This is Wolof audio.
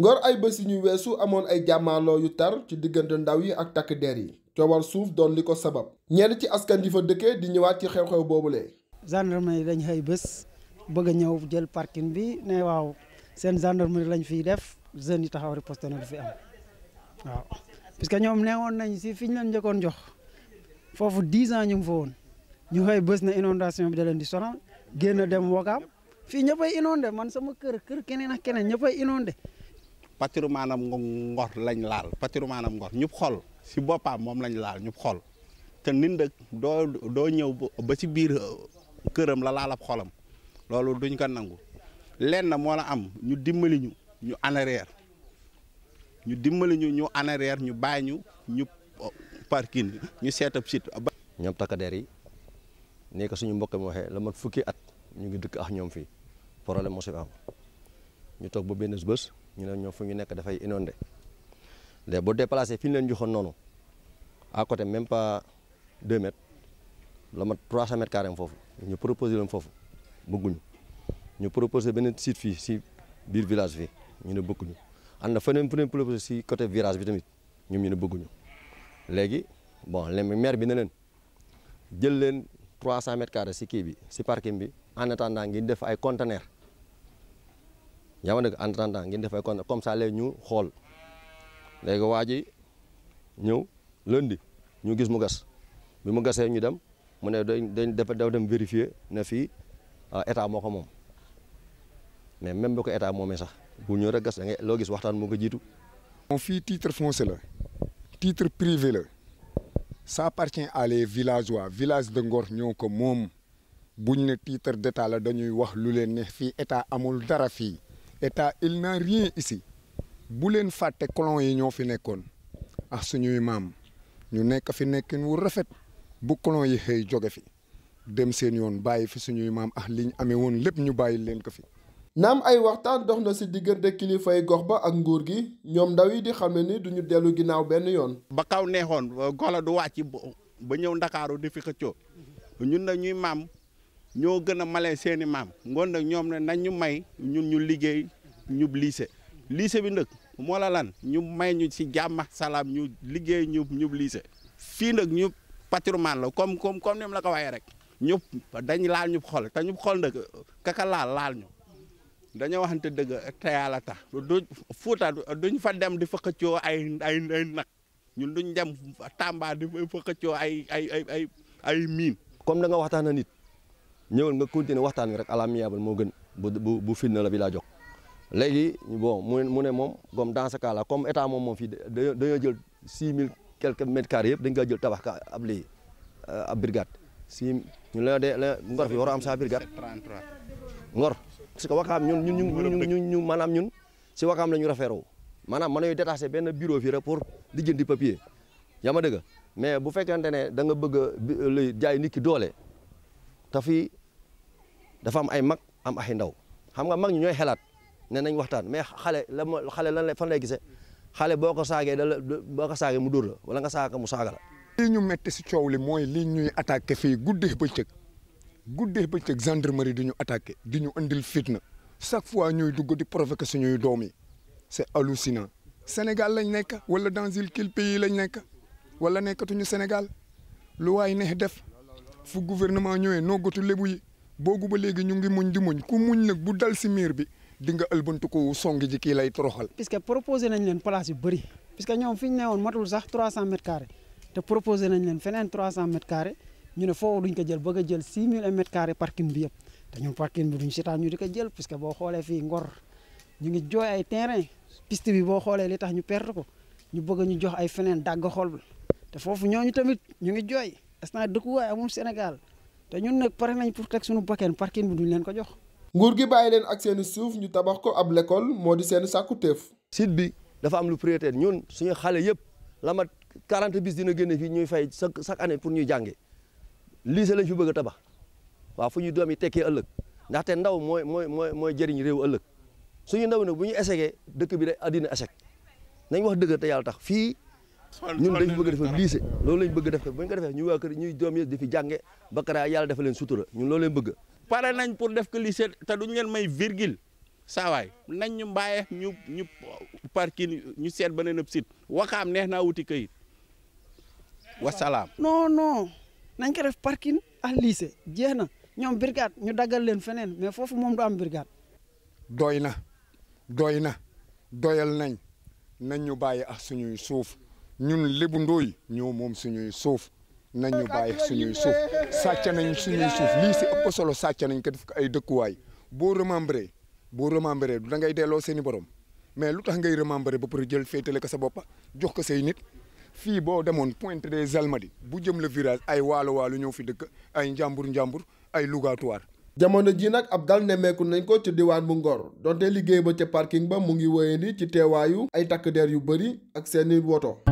ngor ay bés yu ñu weesu amoon ay jàmmaarloo yu tar ci diggante ndaw yi ak takk der yi coowal suuf doon li ko sabab ñenn ci askan yi fa dëkkee di ñëwaat ci xew-xew boobule. yi dañ xëy bés bëgg a ñëw jël parking bi ne waaw seen gendarmerie lañ fiy def jeunes yi taxaw riposte na du fi am waaw. parce que ñoom neewoon nañ si fi ñu leen njëkkoon jox foofu 10 ans ñu ngi fa woon ñu xëy bés na inondation bi da leen di sona génn dem Wakaam fii ñëppay inondé man sama kër kër keneen ak keneen ñëppay inondé. patiru maanaam ngor lañ laal patiru maanaam ngor ñub xol si boppam moom lañ laal ñu xol te nit nag doo doo ñëw ba si biir euh, këram la laal laalab xolam loolu duñ ko nangu lenn moo la am ñu dimbali ñu ñu anareer ñu dimbali ñu ñu anareer ñu bàyyi ñu ñu euh, parking ñu seet ab site ñoom takkadeer yi nekk suñu mbokk mu waxee la mat fukki at ñu ngi dëkk ak ñoom fii problème moo am ñu toog ba benn bés ñu ne ñoom fu ñu nekk dafay inondé léegi boo déplacé fi ñu leen joxoon noonu à côté même pas 2 mètres la mat 300 mètres carrés foofu ñu proposé leen foofu bëgguñu ñu proposé beneen site si biir village fii ñu ne bëgguñu ànd feneen feneen proposé si côté virage bi tamit ñoom ñu ne bëgguñu léegi bon le maire bi ne leen jël leen 300 mètres carrés si kii bi si parking bi en attendant ngi def ay conteneurs. yaa ma ne en tant que ngeen defay comme ça léegi ñu xool léegi waa ji ñëw lundi ñu gis mu gas bi mu gasee ñu dem mu ne dañ dafa dem vérifier ne fii ah, état moo ko moom mais même bu ko état moomee sax bu ñëw rek gas da loo gis waxtaan moo ko jiitu. moom fii titre foncier la titre privé la ça appartient à les villageois village de Ngor ñëw ko moom buñ ne titre d'état la dañuy wax lu leen ne fii état amul dara fii. état il n'a rien ici bu leen fàtte colon yi ñoo fi nekkoon ak ah, suñuy maam ñu nekk fi nekkin wu rafet bu colon yi xëy joge fi dem seen yoon bàyyi fi suñuy maam ak ah, li ñu amee woon lépp ñu bàyyi leen ko fi. naam ay waxtaan dox na si diggante kilifay gox ba ak nguur gi ñoom ndaw yi di xam ne ni duñu dellu ginnaaw benn yoon. ba kaw neexoon gox la du wàcc ba ñëw ndakaaru di fi xëccoo ñun na ñuy maam. ñoo gën a malee seeni maam ngoon nag ñoom ne nañ ñu may ñun ñu liggéey ñu lycée lycée bi nag moo la lan ñu may ñu si jàmm ak salaam ñu liggéey ñu ñu lycée fii nag ñu patrimoine la comme comme comme ni mu la ko waxee rek ñu dañ laal ñu xool te ñu xool nag kaka laal laal ñu dañoo waxante dëgg te yàlla tax du Fuuta duñ fa dem di fa xëccoo ay ay ay ñu ñun duñ dem Tamba di fa xëccoo ay ay ay ay miin. comme da nga waxtaan nit. ñëwal nga continuer waxtaan wi rek à l'amiable moo gën bu bu bu fitna la bi laa jox léegi bon mu ne moom comme dans ce cas là moom état moom moom fii dañoo jël six mille quelques mètres carrés yëpp dañ koy jël tabax ka ab lii euh, a brigade si ñu la de la ngor fi war a am sa brigade ngor parce que wakaam ñun ñun ñu ñu maanaam ñun si wakaam la ñu rafeeroo maanaam mën nañu détaché benn bureau fii rek pour di jëndi papier yaa ma dëgg mais bu fekkente ne da nga bëgg a jaay nit doole dafa am ay mag am ay ndaw xam nga mag ñi ñooy xelaat ne nañ waxtaan mais xale la xale lan la fan lay gisee xale boo ko saagee da la boo ko saagee mu dóor la wala nga saaka mu saaga la. lii ñu metti si coow li mooy lii ñuy attaqué fii guddee bëccëg guddee bëccëg gendarmerie di ñu attaqué di ñu andil fitna chaque fois ñuy dugg di provoqué suñuy doom yi c'est hallucinant Sénégal lañ nekk wala dans quel pays lañ nekk wala nekkatuñu Sénégal lu waay neex def fu gouvernement ñëwee noggatu lébu yi. boogu ba léegi ñu ngi muñ di muñ ku muñ nag bu dal si miir bi di nga ëlbantu ko songi ji kii lay toroxal. puisque proposé nañ leen place yu bëri puisque ñoom fi ñu ne woon matul sax 300 mètres carrés te proposé nañ leen feneen 300 mètres ñu ne foo duñ ko jël bëgg a jël 6000 mètres carrés parking bi yëpp te ñun parking ko jël puisque boo xoolee fii Ngor ñu ngi jooy ay terrain piste bi boo xoolee li tax ñu perte ko ñu bëgg ñu jox ay feneen dàgg xol te foofu ñooñu tamit ñu ngi jooy instant dëkkuwaay amul Sénégal. te ñun nag pare nañ pour teg suñu bakkan parking bi duñ leen ko jox. nguur gi bàyyi leen ak seeni suuf ñu tabax ko ab lekkool moo di seeni sàkkuteef. site bi dafa am lu prioritaire ñun suñu xale yëpp lamat mat 40 bis dina génne fii ñuy fay chaque chaque année pour ñuy jànge lycée lañ fi bëgg a tabax waaw fu ñu doom yi tekkee ëllëg ndaxte ndaw mooy mooy mooy mooy jëriñ réew ëllëg suñu ndaw nag bu ñu échecgee dëkk bi de àddina échec nañ wax dëgg te yàlla tax fii. ñun dañ bëgg defal lycée loolu lañ bëgg def bañ ko defee ñu waa kër ñuy doom yi di fi jànge bakara yàlla dafa leen sutura ñun loolu lañ bëgg pare nañ pour def ko lycée te duñ leen may virgil sawaay nañ ñu bàyyee ñu ñu parking ñu seet beneen ab site waxaam neex naa wuti kayit wasalaam non non nañ ko def parking a lycée jeex na ñoom brigade ñu daggal leen feneen mais foofu moom du am brigade doy na doy na doyal nañ nañ ñu bàyyi a suñuy suuf ñun lébu ndooy ñoo moom suñuy suuf nañu bàyyi suñuy suuf sàcc nañ suñuy suuf lii si ëpp solo sàcc nañ ko def ko ay dëkkuwaay boo remembré boo remembré du da ngay delloo seeni borom mais lu tax ngay remembré ba pour jël féetale ko sa boppa jox ko say nit fii boo demoon Pointe des Almadies bu jëm la virage ay waalo waalo ñëw fi dëkk ay njàmbur njàmbur ay lugatuwaar jamono ji nag ab dal nemmeeku nañ ko ci diwaan bu Ngor donte liggéey ba ca parking ba mu ngi wéyandi ci teewaayu ay takk der yu bëri ak seeni woto